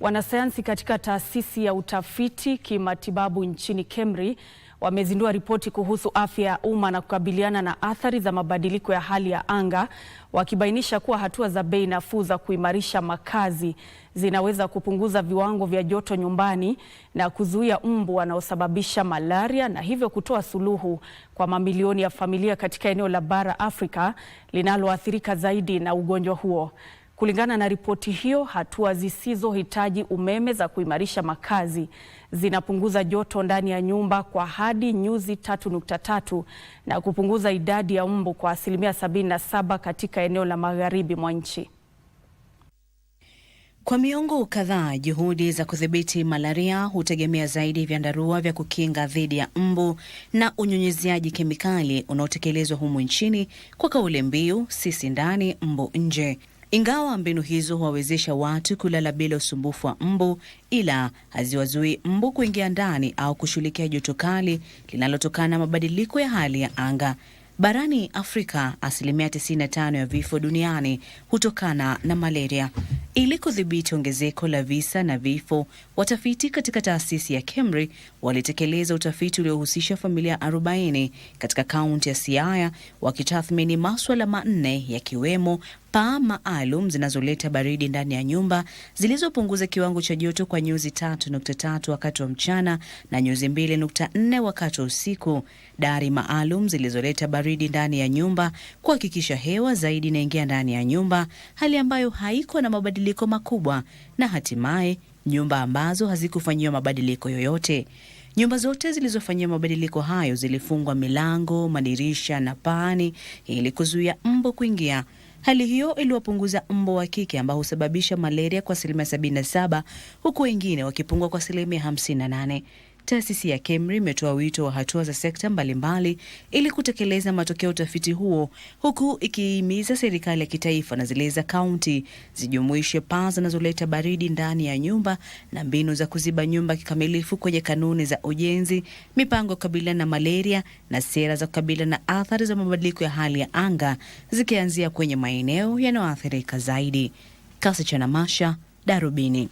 Wanasayansi katika taasisi ya utafiti kimatibabu nchini KEMRI wamezindua ripoti kuhusu afya ya umma na kukabiliana na athari za mabadiliko ya hali ya anga, wakibainisha kuwa hatua za bei nafuu za kuimarisha makazi zinaweza kupunguza viwango vya joto nyumbani na kuzuia mbu wanaosababisha malaria na hivyo kutoa suluhu kwa mamilioni ya familia katika eneo la bara Afrika linaloathirika zaidi na ugonjwa huo. Kulingana na ripoti hiyo, hatua zisizohitaji umeme za kuimarisha makazi zinapunguza joto ndani ya nyumba kwa hadi nyuzi 3.3 na kupunguza idadi ya mbu kwa asilimia 77 katika eneo la magharibi mwa nchi. Kwa miongo kadhaa, juhudi za kudhibiti malaria hutegemea zaidi vyandarua vya kukinga dhidi ya mbu na unyunyiziaji kemikali unaotekelezwa humu nchini kwa kauli mbiu sisi ndani, mbu nje. Ingawa mbinu hizo huwawezesha watu kulala bila usumbufu wa mbu, ila haziwazui mbu kuingia ndani au kushughulikia joto kali linalotokana na mabadiliko ya hali ya anga. Barani Afrika, asilimia 95 ya vifo duniani hutokana na malaria. Ili kudhibiti ongezeko la visa na vifo, watafiti katika taasisi ya KEMRI walitekeleza utafiti uliohusisha familia 40 katika kaunti ya Siaya, wakitathmini maswala manne yakiwemo Paa maalum zinazoleta baridi ndani ya nyumba zilizopunguza kiwango cha joto kwa nyuzi 3.3 wakati wa mchana na nyuzi 2.4 wakati wa usiku. Dari maalum zilizoleta baridi ndani ya nyumba kuhakikisha hewa zaidi inaingia ndani ya nyumba, hali ambayo haiko na mabadiliko makubwa, na hatimaye nyumba ambazo hazikufanyiwa mabadiliko yoyote. Nyumba zote zilizofanyiwa mabadiliko hayo zilifungwa milango, madirisha na paani ili kuzuia mbu kuingia. Hali hiyo iliwapunguza mbu wa kike ambao husababisha malaria kwa asilimia 77 huku wengine wakipungua kwa asilimia 58. Taasisi ya KEMRI imetoa wito wa hatua za sekta mbalimbali ili kutekeleza matokeo ya utafiti huo, huku ikihimiza serikali ya kitaifa na zile za kaunti zijumuishe paa zinazoleta baridi ndani ya nyumba na mbinu za kuziba nyumba kikamilifu kwenye kanuni za ujenzi, mipango ya kukabiliana na malaria na sera za kukabiliana na athari za mabadiliko ya hali ya anga, zikianzia kwenye maeneo yanayoathirika zaidi. kasi cha namasha Darubini.